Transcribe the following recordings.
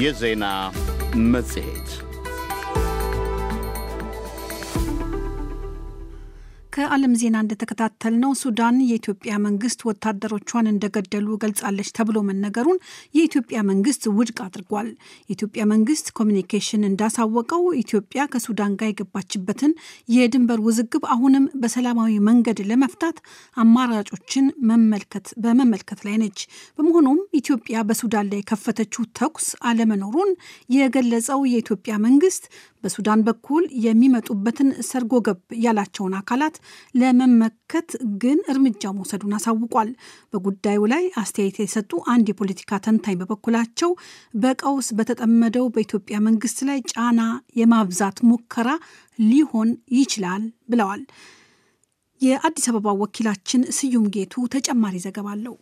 የዜና መጽሔት ከዓለም ዜና እንደተከታተልነው ሱዳን የኢትዮጵያ መንግስት ወታደሮቿን እንደገደሉ ገልጻለች ተብሎ መነገሩን የኢትዮጵያ መንግስት ውድቅ አድርጓል። የኢትዮጵያ መንግስት ኮሚኒኬሽን እንዳሳወቀው ኢትዮጵያ ከሱዳን ጋር የገባችበትን የድንበር ውዝግብ አሁንም በሰላማዊ መንገድ ለመፍታት አማራጮችን መመልከት በመመልከት ላይ ነች። በመሆኑም ኢትዮጵያ በሱዳን ላይ የከፈተችው ተኩስ አለመኖሩን የገለጸው የኢትዮጵያ መንግስት በሱዳን በኩል የሚመጡበትን ሰርጎ ገብ ያላቸውን አካላት ለመመከት ግን እርምጃ መውሰዱን አሳውቋል። በጉዳዩ ላይ አስተያየት የሰጡ አንድ የፖለቲካ ተንታኝ በበኩላቸው በቀውስ በተጠመደው በኢትዮጵያ መንግስት ላይ ጫና የማብዛት ሙከራ ሊሆን ይችላል ብለዋል። የአዲስ አበባ ወኪላችን ስዩም ጌቱ ተጨማሪ ዘገባ አለው።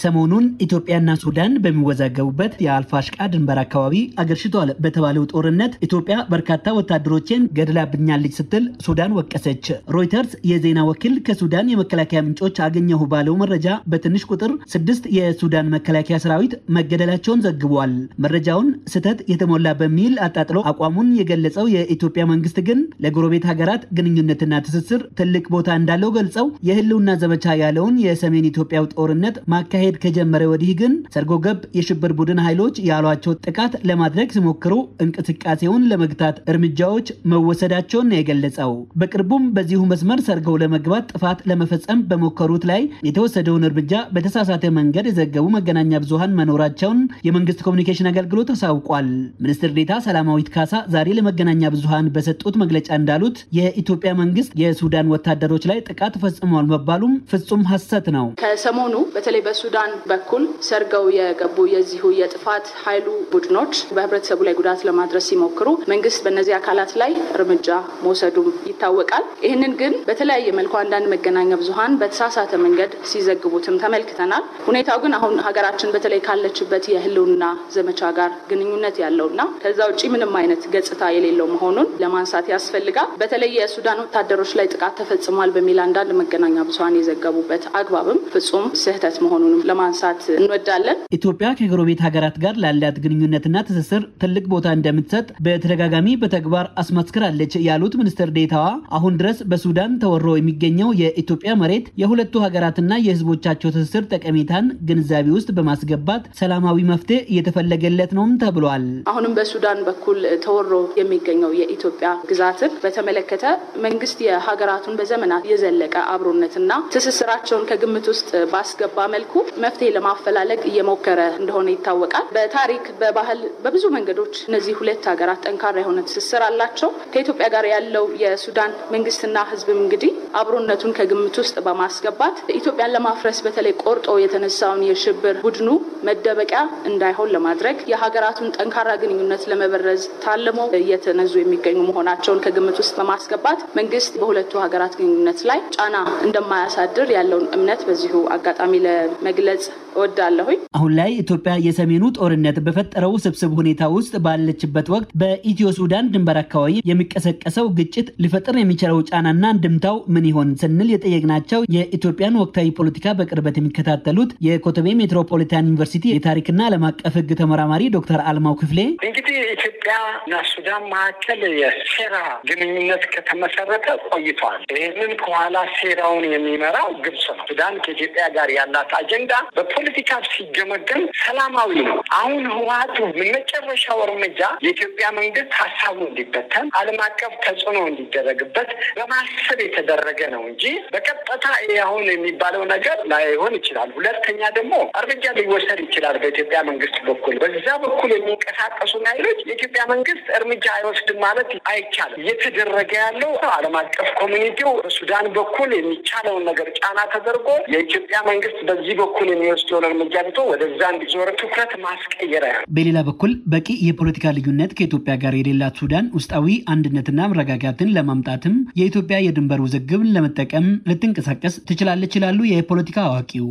ሰሞኑን ኢትዮጵያና ሱዳን በሚወዛገቡበት የአልፋሽቃ ድንበር አካባቢ አገርሽቷል በተባለው ጦርነት ኢትዮጵያ በርካታ ወታደሮችን ገድላብኛለች ስትል ሱዳን ወቀሰች። ሮይተርስ የዜና ወኪል ከሱዳን የመከላከያ ምንጮች አገኘሁ ባለው መረጃ በትንሽ ቁጥር ስድስት የሱዳን መከላከያ ሰራዊት መገደላቸውን ዘግቧል። መረጃውን ስህተት የተሞላ በሚል አጣጥሎ አቋሙን የገለጸው የኢትዮጵያ መንግስት ግን ለጎረቤት ሀገራት ግንኙነትና ትስስር ትልቅ ቦታ እንዳለው ገልጸው የህልውና ዘመቻ ያለውን የሰሜን ኢትዮጵያው ጦርነት ማካሄድ መካሄድ ከጀመረ ወዲህ ግን ሰርጎ ገብ የሽብር ቡድን ኃይሎች ያሏቸው ጥቃት ለማድረግ ሲሞክሩ እንቅስቃሴውን ለመግታት እርምጃዎች መወሰዳቸውን ነው የገለጸው። በቅርቡም በዚሁ መስመር ሰርገው ለመግባት ጥፋት ለመፈጸም በሞከሩት ላይ የተወሰደውን እርምጃ በተሳሳተ መንገድ የዘገቡ መገናኛ ብዙሃን መኖራቸውን የመንግስት ኮሚኒኬሽን አገልግሎት አሳውቋል። ሚኒስትር ዴታ ሰላማዊት ካሳ ዛሬ ለመገናኛ ብዙሃን በሰጡት መግለጫ እንዳሉት የኢትዮጵያ መንግስት የሱዳን ወታደሮች ላይ ጥቃት ፈጽሟል መባሉም ፍጹም ሐሰት ነው። ከሰሞኑ በተለይ በሱ በሱዳን በኩል ሰርገው የገቡ የዚሁ የጥፋት ኃይሉ ቡድኖች በህብረተሰቡ ላይ ጉዳት ለማድረስ ሲሞክሩ መንግስት በእነዚህ አካላት ላይ እርምጃ መውሰዱም ይታወቃል። ይህንን ግን በተለያየ መልኩ አንዳንድ መገናኛ ብዙሀን በተሳሳተ መንገድ ሲዘግቡትም ተመልክተናል። ሁኔታው ግን አሁን ሀገራችን በተለይ ካለችበት የህልውና ዘመቻ ጋር ግንኙነት ያለውና ከዛ ውጭ ምንም አይነት ገጽታ የሌለው መሆኑን ለማንሳት ያስፈልጋል። በተለይ የሱዳን ወታደሮች ላይ ጥቃት ተፈጽሟል በሚል አንዳንድ መገናኛ ብዙሀን የዘገቡበት አግባብም ፍጹም ስህተት መሆኑንም ለማንሳት እንወዳለን። ኢትዮጵያ ከጎረቤት ሀገራት ጋር ላላት ግንኙነትና ትስስር ትልቅ ቦታ እንደምትሰጥ በተደጋጋሚ በተግባር አስመስክራለች ያሉት ሚኒስትር ዴታዋ አሁን ድረስ በሱዳን ተወሮ የሚገኘው የኢትዮጵያ መሬት የሁለቱ ሀገራትና የህዝቦቻቸው ትስስር ጠቀሜታን ግንዛቤ ውስጥ በማስገባት ሰላማዊ መፍትሄ እየተፈለገለት ነውም ተብሏል። አሁንም በሱዳን በኩል ተወሮ የሚገኘው የኢትዮጵያ ግዛትን በተመለከተ መንግስት የሀገራቱን በዘመናት የዘለቀ አብሮነትና ትስስራቸውን ከግምት ውስጥ ባስገባ መልኩ መፍትሄ ለማፈላለግ እየሞከረ እንደሆነ ይታወቃል። በታሪክ በባህል፣ በብዙ መንገዶች እነዚህ ሁለት ሀገራት ጠንካራ የሆነ ትስስር አላቸው። ከኢትዮጵያ ጋር ያለው የሱዳን መንግስትና ህዝብም እንግዲህ አብሮነቱን ከግምት ውስጥ በማስገባት ኢትዮጵያን ለማፍረስ በተለይ ቆርጦ የተነሳውን የሽብር ቡድኑ መደበቂያ እንዳይሆን ለማድረግ የሀገራቱን ጠንካራ ግንኙነት ለመበረዝ ታልሞ እየተነዙ የሚገኙ መሆናቸውን ከግምት ውስጥ በማስገባት መንግስት በሁለቱ ሀገራት ግንኙነት ላይ ጫና እንደማያሳድር ያለውን እምነት በዚሁ አጋጣሚ ለመግለ መግለጽ እወዳለሁኝ። አሁን ላይ ኢትዮጵያ የሰሜኑ ጦርነት በፈጠረው ስብስብ ሁኔታ ውስጥ ባለችበት ወቅት በኢትዮ ሱዳን ድንበር አካባቢ የሚቀሰቀሰው ግጭት ሊፈጥር የሚችለው ጫናና እንድምታው ምን ይሆን ስንል የጠየቅናቸው የኢትዮጵያን ወቅታዊ ፖለቲካ በቅርበት የሚከታተሉት የኮተቤ ሜትሮፖሊታን ዩኒቨርሲቲ የታሪክና ዓለም አቀፍ ሕግ ተመራማሪ ዶክተር አልማው ክፍሌ እንግዲህ በኢትዮጵያ እና ሱዳን መካከል የሴራ ግንኙነት ከተመሰረተ ቆይቷል። ይህንን ከኋላ ሴራውን የሚመራው ግብጽ ነው። ሱዳን ከኢትዮጵያ ጋር ያላት አጀንዳ በፖለቲካ ሲገመገም ሰላማዊ ነው። አሁን ህወሀቱ መጨረሻው እርምጃ የኢትዮጵያ መንግስት ሀሳቡ እንዲበተን ዓለም አቀፍ ተጽዕኖ እንዲደረግበት በማሰብ የተደረገ ነው እንጂ በቀጥታ አሁን የሚባለው ነገር ላይሆን ይችላል። ሁለተኛ ደግሞ እርምጃ ሊወሰድ ይችላል በኢትዮጵያ መንግስት በኩል በዛ በኩል የሚንቀሳቀሱ ኃይሎች የኢትዮጵያ መንግስት እርምጃ አይወስድም ማለት አይቻልም። እየተደረገ ያለው ዓለም አቀፍ ኮሚኒቲው በሱዳን በኩል የሚቻለውን ነገር ጫና ተደርጎ የኢትዮጵያ መንግስት በዚህ በኩል የሚወስደውን እርምጃ ትቶ ወደዛ እንዲዞር ትኩረት ማስቀየር ያለ። በሌላ በኩል በቂ የፖለቲካ ልዩነት ከኢትዮጵያ ጋር የሌላት ሱዳን ውስጣዊ አንድነትና መረጋጋትን ለማምጣትም የኢትዮጵያ የድንበር ውዝግብን ለመጠቀም ልትንቀሳቀስ ትችላለች ይላሉ የፖለቲካ አዋቂው።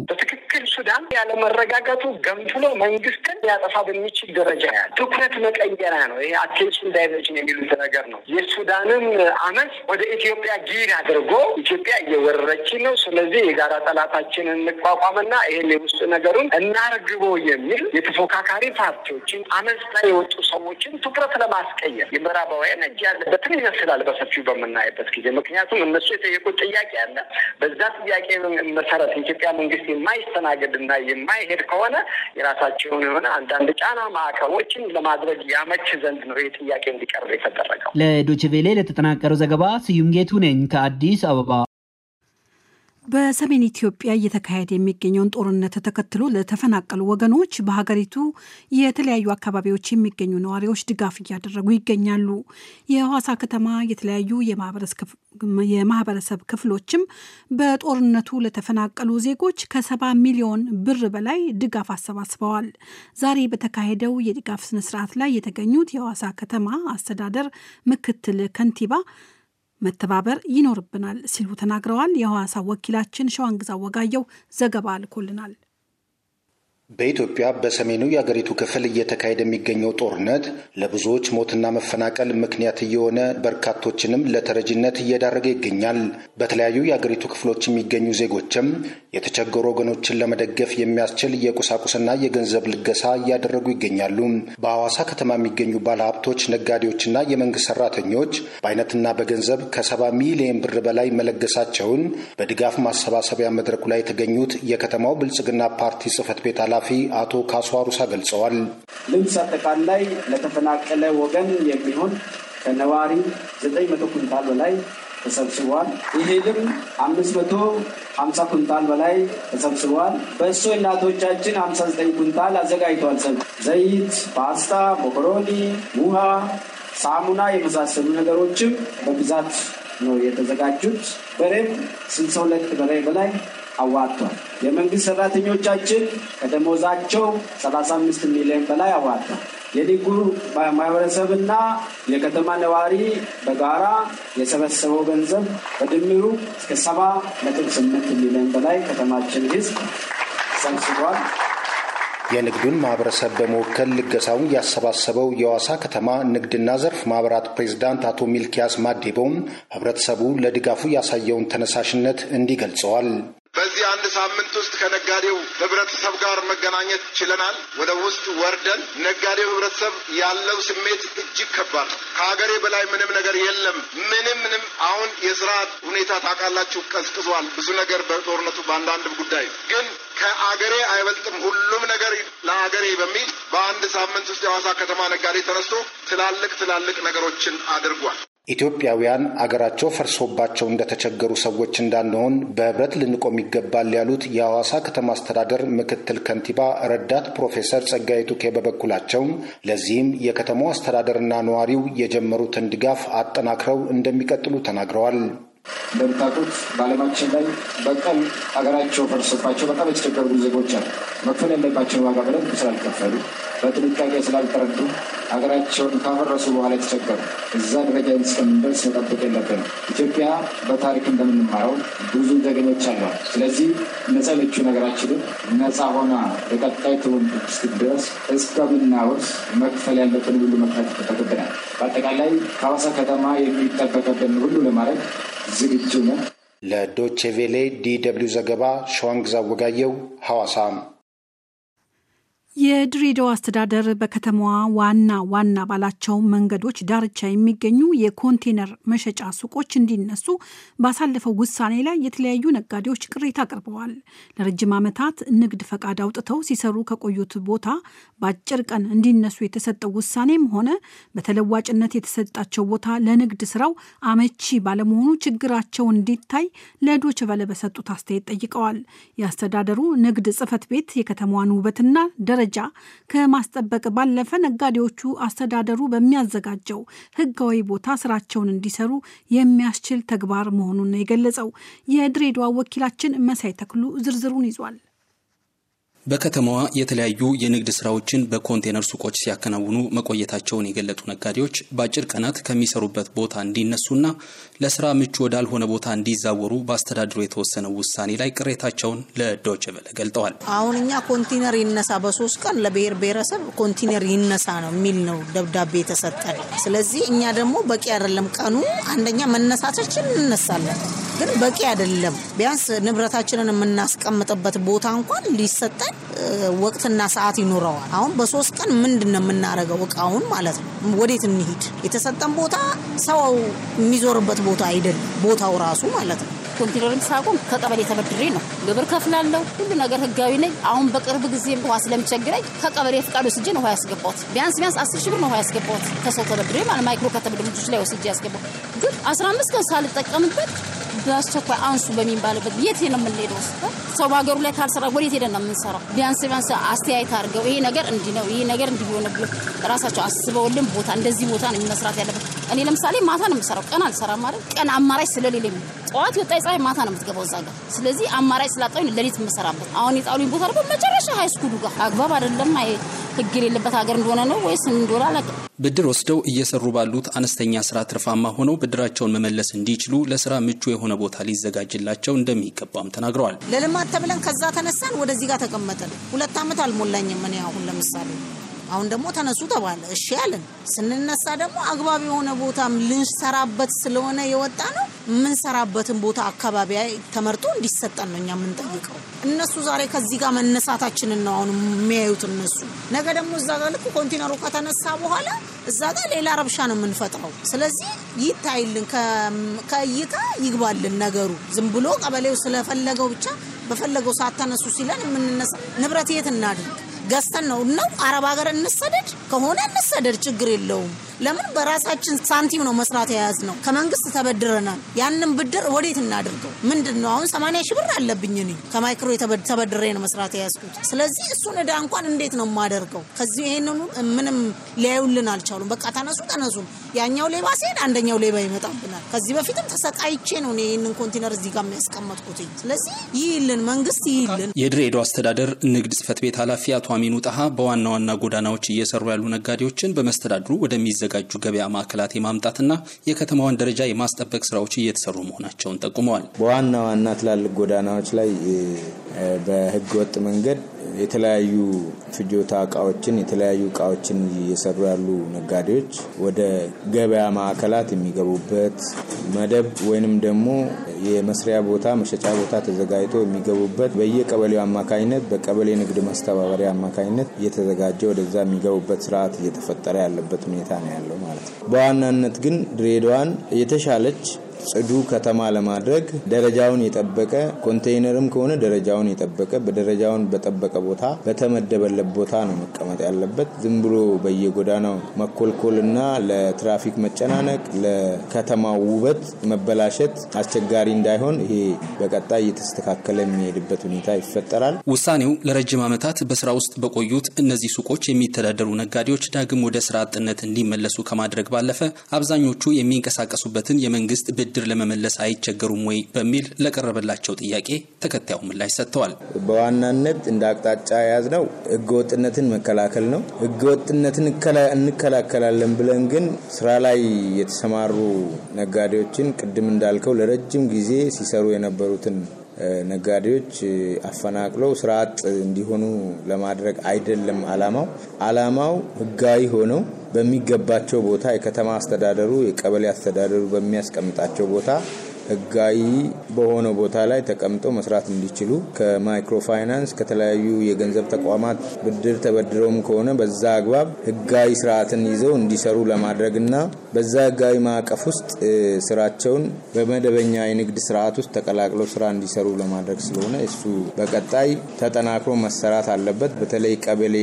ሱዳን ያለመረጋጋቱ ገንፍሎ መንግስትን ሊያጠፋ በሚችል ደረጃ ያለ ትኩረት መቀየሪያ ነው። ይሄ አቴንሽን ዳይቨርሽን የሚሉት ነገር ነው። የሱዳንን አመፅ ወደ ኢትዮጵያ ጊድ አድርጎ ኢትዮጵያ እየወረረችን ነው፣ ስለዚህ የጋራ ጠላታችንን እንቋቋምና ይሄን የውስጥ ነገሩን እናርግቦ የሚል የተፎካካሪ ፓርቲዎችን አመፅ ላይ የወጡ ሰዎችን ትኩረት ለማስቀየር የምዕራባውያን እጅ ያለበትን ይመስላል በሰፊው በምናይበት ጊዜ። ምክንያቱም እነሱ የጠየቁት ጥያቄ አለ። በዛ ጥያቄ መሰረት ኢትዮጵያ መንግስት የማይስተናገድ የማይፈቅድና የማይሄድ ከሆነ የራሳቸውን የሆነ አንዳንድ ጫና ማዕቀቦችን ለማድረግ ያመች ዘንድ ነው ይህ ጥያቄ እንዲቀርብ የተደረገው። ለዶችቬሌ ለተጠናቀረው ዘገባ ስዩም ጌቱ ነኝ ከአዲስ አበባ። በሰሜን ኢትዮጵያ እየተካሄደ የሚገኘውን ጦርነት ተከትሎ ለተፈናቀሉ ወገኖች በሀገሪቱ የተለያዩ አካባቢዎች የሚገኙ ነዋሪዎች ድጋፍ እያደረጉ ይገኛሉ። የሐዋሳ ከተማ የተለያዩ የማህበረሰብ ክፍሎችም በጦርነቱ ለተፈናቀሉ ዜጎች ከሰባ ሚሊዮን ብር በላይ ድጋፍ አሰባስበዋል። ዛሬ በተካሄደው የድጋፍ ስነስርዓት ላይ የተገኙት የሐዋሳ ከተማ አስተዳደር ምክትል ከንቲባ መተባበር ይኖርብናል ሲሉ ተናግረዋል። የሐዋሳ ወኪላችን ሸዋንግዛ ወጋየው ዘገባ አልኮልናል። በኢትዮጵያ በሰሜኑ የአገሪቱ ክፍል እየተካሄደ የሚገኘው ጦርነት ለብዙዎች ሞትና መፈናቀል ምክንያት እየሆነ በርካቶችንም ለተረጅነት እየዳረገ ይገኛል። በተለያዩ የአገሪቱ ክፍሎች የሚገኙ ዜጎችም የተቸገሩ ወገኖችን ለመደገፍ የሚያስችል የቁሳቁስና የገንዘብ ልገሳ እያደረጉ ይገኛሉ። በሐዋሳ ከተማ የሚገኙ ባለሀብቶች፣ ነጋዴዎችና የመንግስት ሰራተኞች በአይነትና በገንዘብ ከሰባ ሚሊዮን ብር በላይ መለገሳቸውን በድጋፍ ማሰባሰቢያ መድረኩ ላይ የተገኙት የከተማው ብልጽግና ፓርቲ ጽህፈት ቤት ኃላፊ ኃላፊ አቶ ካሷሩሳ አሩሳ ገልጸዋል። ልብስ አጠቃላይ ለተፈናቀለ ወገን የሚሆን ከነዋሪ ዘጠኝ መቶ ኩንታል በላይ ተሰብስቧል። ይህም አምስት መቶ ሀምሳ ኩንታል በላይ ተሰብስቧል። በእሶ እናቶቻችን ሀምሳ ዘጠኝ ኩንታል አዘጋጅተዋል። ሰብ ዘይት፣ ፓስታ፣ ሞኮሮኒ፣ ውሃ፣ ሳሙና የመሳሰሉ ነገሮችም በብዛት ነው የተዘጋጁት። በሬም ስልሳ ሁለት በሬ በላይ አዋጥቷል። የመንግስት ሰራተኞቻችን ከደሞዛቸው 35 ሚሊዮን በላይ አዋጥቷል። የዲጉር ማህበረሰብና የከተማ ነዋሪ በጋራ የሰበሰበው ገንዘብ በድምሩ እስከ 78 ነጥብ ሚሊዮን በላይ ከተማችን ህዝብ ሰብስቧል። የንግዱን ማህበረሰብ በመወከል ልገሳውን ያሰባሰበው የዋሳ ከተማ ንግድና ዘርፍ ማህበራት ፕሬዚዳንት አቶ ሚልኪያስ ማዴቦም ህብረተሰቡ ለድጋፉ ያሳየውን ተነሳሽነት እንዲህ ገልጸዋል። በዚህ አንድ ሳምንት ውስጥ ከነጋዴው ህብረተሰብ ጋር መገናኘት ችለናል። ወደ ውስጥ ወርደን ነጋዴው ህብረተሰብ ያለው ስሜት እጅግ ከባድ ነው። ከሀገሬ በላይ ምንም ነገር የለም። ምንም ምንም አሁን የስራ ሁኔታ ታውቃላችሁ፣ ቀዝቅዟል። ብዙ ነገር በጦርነቱ በአንዳንድ ጉዳይ ግን ከአገሬ አይበልጥም ሁሉም ነገር ለአገሬ በሚል በአንድ ሳምንት ውስጥ የሐዋሳ ከተማ ነጋዴ ተነስቶ ትላልቅ ትላልቅ ነገሮችን አድርጓል። ኢትዮጵያውያን አገራቸው ፈርሶባቸው እንደተቸገሩ ሰዎች እንዳንሆን በህብረት ልንቆም ይገባል ያሉት የሐዋሳ ከተማ አስተዳደር ምክትል ከንቲባ ረዳት ፕሮፌሰር ጸጋዬ ቱኬ በበኩላቸው ለዚህም የከተማው አስተዳደርና ነዋሪው የጀመሩትን ድጋፍ አጠናክረው እንደሚቀጥሉ ተናግረዋል። እንደምታውቁት በዓለማችን ላይ በቀል ሀገራቸው ፈርሶባቸው በጣም የተቸገሩ ዜጎች አሉ። መክፈል ያለባቸውን ዋጋ በደንብ ስላልከፈሉ፣ በጥንቃቄ ስላልተረዱ ሀገራቸውን ካፈረሱ በኋላ የተቸገሩ እዛ ደረጃ እስከምንደርስ መጠበቅ የለብንም። ኢትዮጵያ በታሪክ እንደምንማረው ብዙ ዘገኞች አሏል። ስለዚህ ነጸለችውን ሀገራችንን ነፃ ሆና ለቀጣይ ትውልድ እስክትደርስ እስከምናወርስ መክፈል ያለብን ሁሉ መክፈል ይጠበቅብናል። በአጠቃላይ ከሐዋሳ ከተማ የሚጠበቅብን ሁሉ ለማድረግ ዝግጁ ነው። ለዶቼቬሌ ዲ ደብልዩ ዘገባ ሸዋንግዛ ወጋየው ሐዋሳም የድሬዳዋ አስተዳደር በከተማዋ ዋና ዋና ባላቸው መንገዶች ዳርቻ የሚገኙ የኮንቴነር መሸጫ ሱቆች እንዲነሱ ባሳለፈው ውሳኔ ላይ የተለያዩ ነጋዴዎች ቅሬታ አቅርበዋል። ለረጅም ዓመታት ንግድ ፈቃድ አውጥተው ሲሰሩ ከቆዩት ቦታ በአጭር ቀን እንዲነሱ የተሰጠው ውሳኔም ሆነ በተለዋጭነት የተሰጣቸው ቦታ ለንግድ ስራው አመቺ ባለመሆኑ ችግራቸው እንዲታይ ለዶይቼ ቬለ በሰጡት አስተያየት ጠይቀዋል። የአስተዳደሩ ንግድ ጽሕፈት ቤት የከተማዋን ውበትና ደረጃ ደረጃ ከማስጠበቅ ባለፈ ነጋዴዎቹ አስተዳደሩ በሚያዘጋጀው ህጋዊ ቦታ ስራቸውን እንዲሰሩ የሚያስችል ተግባር መሆኑን ነው የገለጸው። የድሬዳዋ ወኪላችን መሳይ ተክሉ ዝርዝሩን ይዟል። በከተማዋ የተለያዩ የንግድ ስራዎችን በኮንቴነር ሱቆች ሲያከናውኑ መቆየታቸውን የገለጡ ነጋዴዎች በአጭር ቀናት ከሚሰሩበት ቦታ እንዲነሱና ለስራ ምቹ ወዳልሆነ ቦታ እንዲዛወሩ በአስተዳድሩ የተወሰነው ውሳኔ ላይ ቅሬታቸውን ለዶይቼ ቬለ ገልጠዋል። አሁን እኛ ኮንቴነር ይነሳ፣ በሶስት ቀን ለብሔር ብሔረሰብ ኮንቴነር ይነሳ ነው የሚል ነው ደብዳቤ የተሰጠን። ስለዚህ እኛ ደግሞ በቂ አይደለም ቀኑ አንደኛ መነሳታችን እንነሳለን፣ ግን በቂ አይደለም። ቢያንስ ንብረታችንን የምናስቀምጥበት ቦታ እንኳን ሊሰጠን ወቅትና ሰዓት ይኖረዋል። አሁን በሶስት ቀን ምንድን ነው የምናደርገው? እቃውን ማለት ነው ወዴት እንሂድ? የተሰጠን ቦታ ሰው የሚዞርበት ቦታ አይደለም፣ ቦታው ራሱ ማለት ነው። ኮምፒውተርም ሳቆም ከቀበሌ ተበድሬ ነው። ግብር ከፍላለሁ፣ ሁሉ ነገር ህጋዊ ነኝ። አሁን በቅርብ ጊዜ ውሃ ስለሚቸግረኝ ከቀበሌ ፍቃድ ወስጄ ነው ውሃ ያስገባሁት። ቢያንስ ቢያንስ አስር ሺህ ብር ነው ውሃ ያስገባሁት ከሰው ተበድሬ ማለት ማይክሮ ከተበደሩ ልጆች ላይ ወስጄ ያስገባሁት። ግን አስራ አምስት ቀን ሳልጠቀምበት በአስቸኳይ አንሱ በሚባልበት የት ነው የምንሄደው? ሰው በሀገሩ ላይ ካልሰራ ወዴት ሄደን ነው የምንሰራው? ቢያንስ ቢያንስ አስተያየት አድርገው ይሄ ነገር እንዲህ ነው፣ ይሄ ነገር እንዲህ ሆነ ብሎ ራሳቸው አስበውልን ቦታ እንደዚህ ቦታ ነው መስራት ያለበት። እኔ ለምሳሌ ማታ ነው የምሰራው፣ ቀን አልሰራም ማለት ቀን አማራጭ ስለሌለኝ ጠዋት የወጣ ፀሐይ ማታ ነው የምትገባው እዛ ጋር። ስለዚህ አማራጭ ስላጣሁኝ ለሊት የምሰራበት አሁን የጣሉኝ ቦታ ደግሞ መጨረሻ ሃይስኩሉ ጋር አግባብ አይደለም። ህግ የሌለበት ሀገር እንደሆነ ነው ወይስ እንደሆነ አላውቅም። ብድር ወስደው እየሰሩ ባሉት አነስተኛ ስራ ትርፋማ ሆነው ብድራቸውን መመለስ እንዲችሉ ለስራ ምቹ የሆነ ቦታ ሊዘጋጅላቸው እንደሚገባም ተናግረዋል። ለልማት ተብለን ከዛ ተነሳን ወደዚህ ጋር ተቀመጠን። ሁለት ዓመት አልሞላኝም እኔ አሁን ለምሳሌ አሁን ደግሞ ተነሱ ተባለ። እሺ ያለን ስንነሳ ደግሞ አግባብ የሆነ ቦታም ልንሰራበት ስለሆነ የወጣ ነው የምንሰራበትን ቦታ አካባቢ ተመርጦ እንዲሰጠን ነው እኛ የምንጠይቀው። እነሱ ዛሬ ከዚህ ጋር መነሳታችንን ነው አሁን የሚያዩት እነሱ። ነገ ደግሞ እዛ ጋር ልክ ኮንቴነሩ ከተነሳ በኋላ እዛ ጋር ሌላ ረብሻ ነው የምንፈጥረው። ስለዚህ ይታይልን፣ ከእይታ ይግባልን ነገሩ። ዝም ብሎ ቀበሌው ስለፈለገው ብቻ በፈለገው ሰዓት ተነሱ ሲለን የምንነሳ ንብረት የት እናድርግ? ገዝተን ነው ነው አረብ ሀገር እንሰደድ ከሆነ እንሰደድ፣ ችግር የለውም ለምን በራሳችን ሳንቲም ነው መስራት የያዝ ነው። ከመንግስት ተበድረናል። ያንን ብድር ወዴት እናድርገው? ምንድን ነው አሁን ሰማንያ ሺህ ብር አለብኝ እኔ ከማይክሮ ተበድሬ ነው መስራት የያዝኩት። ስለዚህ እሱን እዳ እንኳን እንዴት ነው የማደርገው? ከዚህ ይህንኑ ምንም ሊያዩልን አልቻሉም። በቃ ተነሱ ተነሱ። ያኛው ሌባ ሲሄድ አንደኛው ሌባ ይመጣብናል። ከዚህ በፊትም ተሰቃይቼ ነው ይህንን ኮንቴነር እዚህ ጋር የሚያስቀመጥኩት። ስለዚህ ይህልን መንግስት ይህልን። የድሬዳዋ አስተዳደር ንግድ ጽህፈት ቤት ኃላፊ አቶ አሚኑ ጣሃ በዋና ዋና ጎዳናዎች እየሰሩ ያሉ ነጋዴዎችን በመስተዳድሩ ወደሚዘ የተዘጋጁ ገበያ ማዕከላት የማምጣትና የከተማዋን ደረጃ የማስጠበቅ ስራዎች እየተሰሩ መሆናቸውን ጠቁመዋል። በዋና ዋና ትላልቅ ጎዳናዎች ላይ በህገወጥ መንገድ የተለያዩ ፍጆታ እቃዎችን የተለያዩ እቃዎችን እየሰሩ ያሉ ነጋዴዎች ወደ ገበያ ማዕከላት የሚገቡበት መደብ ወይንም ደግሞ የመስሪያ ቦታ መሸጫ ቦታ ተዘጋጅቶ የሚገቡበት በየቀበሌው አማካኝነት በቀበሌ ንግድ ማስተባበሪያ አማካኝነት እየተዘጋጀ ወደዛ የሚገቡበት ስርዓት እየተፈጠረ ያለበት ሁኔታ ነው ያለው ማለት ነው። በዋናነት ግን ድሬዳዋን የተሻለች ጽዱ ከተማ ለማድረግ ደረጃውን የጠበቀ ኮንቴይነርም ከሆነ ደረጃውን የጠበቀ በደረጃውን በጠበቀ ቦታ በተመደበለት ቦታ ነው መቀመጥ ያለበት። ዝም ብሎ በየጎዳናው መኮልኮልና ለትራፊክ መጨናነቅ ለከተማው ውበት መበላሸት አስቸጋሪ እንዳይሆን ይሄ በቀጣይ እየተስተካከለ የሚሄድበት ሁኔታ ይፈጠራል። ውሳኔው ለረጅም ዓመታት በስራ ውስጥ በቆዩት እነዚህ ሱቆች የሚተዳደሩ ነጋዴዎች ዳግም ወደ ስራ አጥነት እንዲመለሱ ከማድረግ ባለፈ አብዛኞቹ የሚንቀሳቀሱበትን የመንግስት ብድ ብድር ለመመለስ አይቸገሩም ወይ በሚል ለቀረበላቸው ጥያቄ ተከታዩ ምላሽ ሰጥተዋል። በዋናነት እንደ አቅጣጫ የያዝነው ህገወጥነትን መከላከል ነው። ህገወጥነትን እንከላከላለን ብለን ግን ስራ ላይ የተሰማሩ ነጋዴዎችን ቅድም እንዳልከው ለረጅም ጊዜ ሲሰሩ የነበሩትን ነጋዴዎች አፈናቅለው ስራ አጥ እንዲሆኑ ለማድረግ አይደለም አላማው። አላማው ህጋዊ ሆነው በሚገባቸው ቦታ የከተማ አስተዳደሩ የቀበሌ አስተዳደሩ በሚያስቀምጣቸው ቦታ ህጋዊ በሆነ ቦታ ላይ ተቀምጠው መስራት እንዲችሉ ከማይክሮ ፋይናንስ ከተለያዩ የገንዘብ ተቋማት ብድር ተበድረውም ከሆነ በዛ አግባብ ህጋዊ ስርዓትን ይዘው እንዲሰሩ ለማድረግና በዛ ህጋዊ ማዕቀፍ ውስጥ ስራቸውን በመደበኛ የንግድ ስርዓት ውስጥ ተቀላቅለው ስራ እንዲሰሩ ለማድረግ ስለሆነ እሱ በቀጣይ ተጠናክሮ መሰራት አለበት። በተለይ ቀበሌ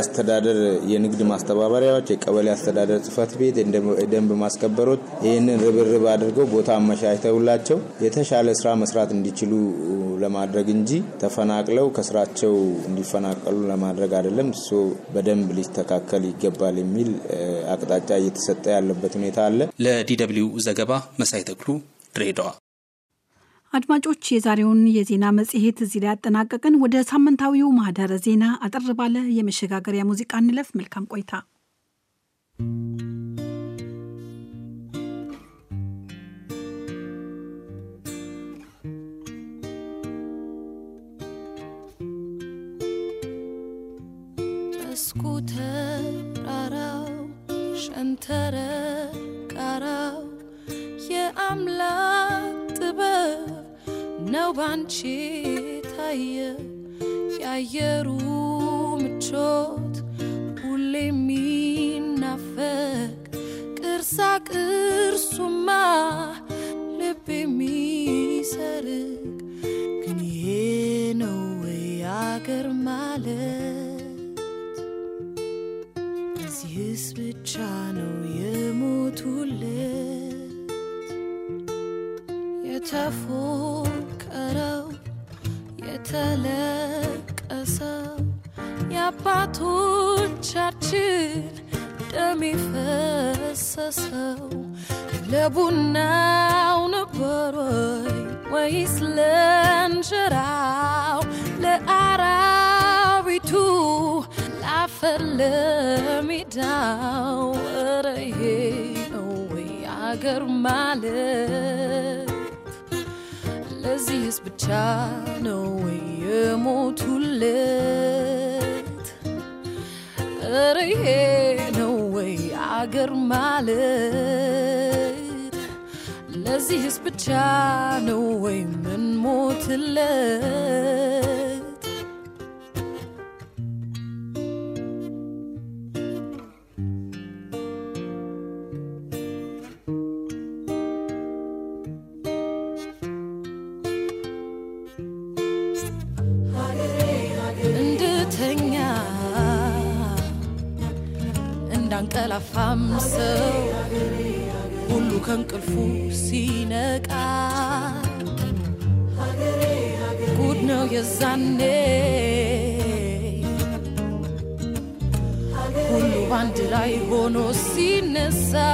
አስተዳደር የንግድ ማስተባበሪያዎች፣ የቀበሌ አስተዳደር ጽህፈት ቤት፣ የደንብ ማስከበሮች ይህንን ርብርብ አድርገው ቦታ አመቻችተውላ በመከልከላቸው የተሻለ ስራ መስራት እንዲችሉ ለማድረግ እንጂ ተፈናቅለው ከስራቸው እንዲፈናቀሉ ለማድረግ አይደለም። እሱ በደንብ ሊስተካከል ይገባል የሚል አቅጣጫ እየተሰጠ ያለበት ሁኔታ አለ። ለዲደብሊው ዘገባ መሳይ ተክሉ ድሬዳዋ። አድማጮች የዛሬውን የዜና መጽሔት እዚህ ላይ ያጠናቀቅን። ወደ ሳምንታዊው ማህደረ ዜና አጠር ባለ የመሸጋገሪያ ሙዚቃ እንለፍ። መልካም ቆይታ ብስኩተር ጣራው ሸንተረ ቃራው የአምላክ ጥበብ ነው ባንቺ ታየ የአየሩ ምቾት ሁሌ የሚናፈቅ ቅርሳ ቅርሱማ ልብ የሚሰርቅ ግን ይሄ ነው ወይ አገር ማለት ነው የሞቱለት የተፎቀረው የተለቀሰው የአባቶቻችን ደም ለቡናው ነበር ወይ ወይስ ለእንጀራው ለአራቢቱ ፈለሚዳው ኧረ ይሄ ነው ወይ አገር ማለት? ለዚህስ ብቻ ነው ወይ የሞቱለት? ኧረ ይሄ ነው ወይ አገር ማለት? ለዚህስ ብቻ ነው ወይ ምን ሞትለት? ያንቀላፋም ሰው ሁሉ ከእንቅልፉ ሲነቃ ጉድ ነው የዛኔ ሁሉ አንድ ላይ ሆኖ ሲነሳ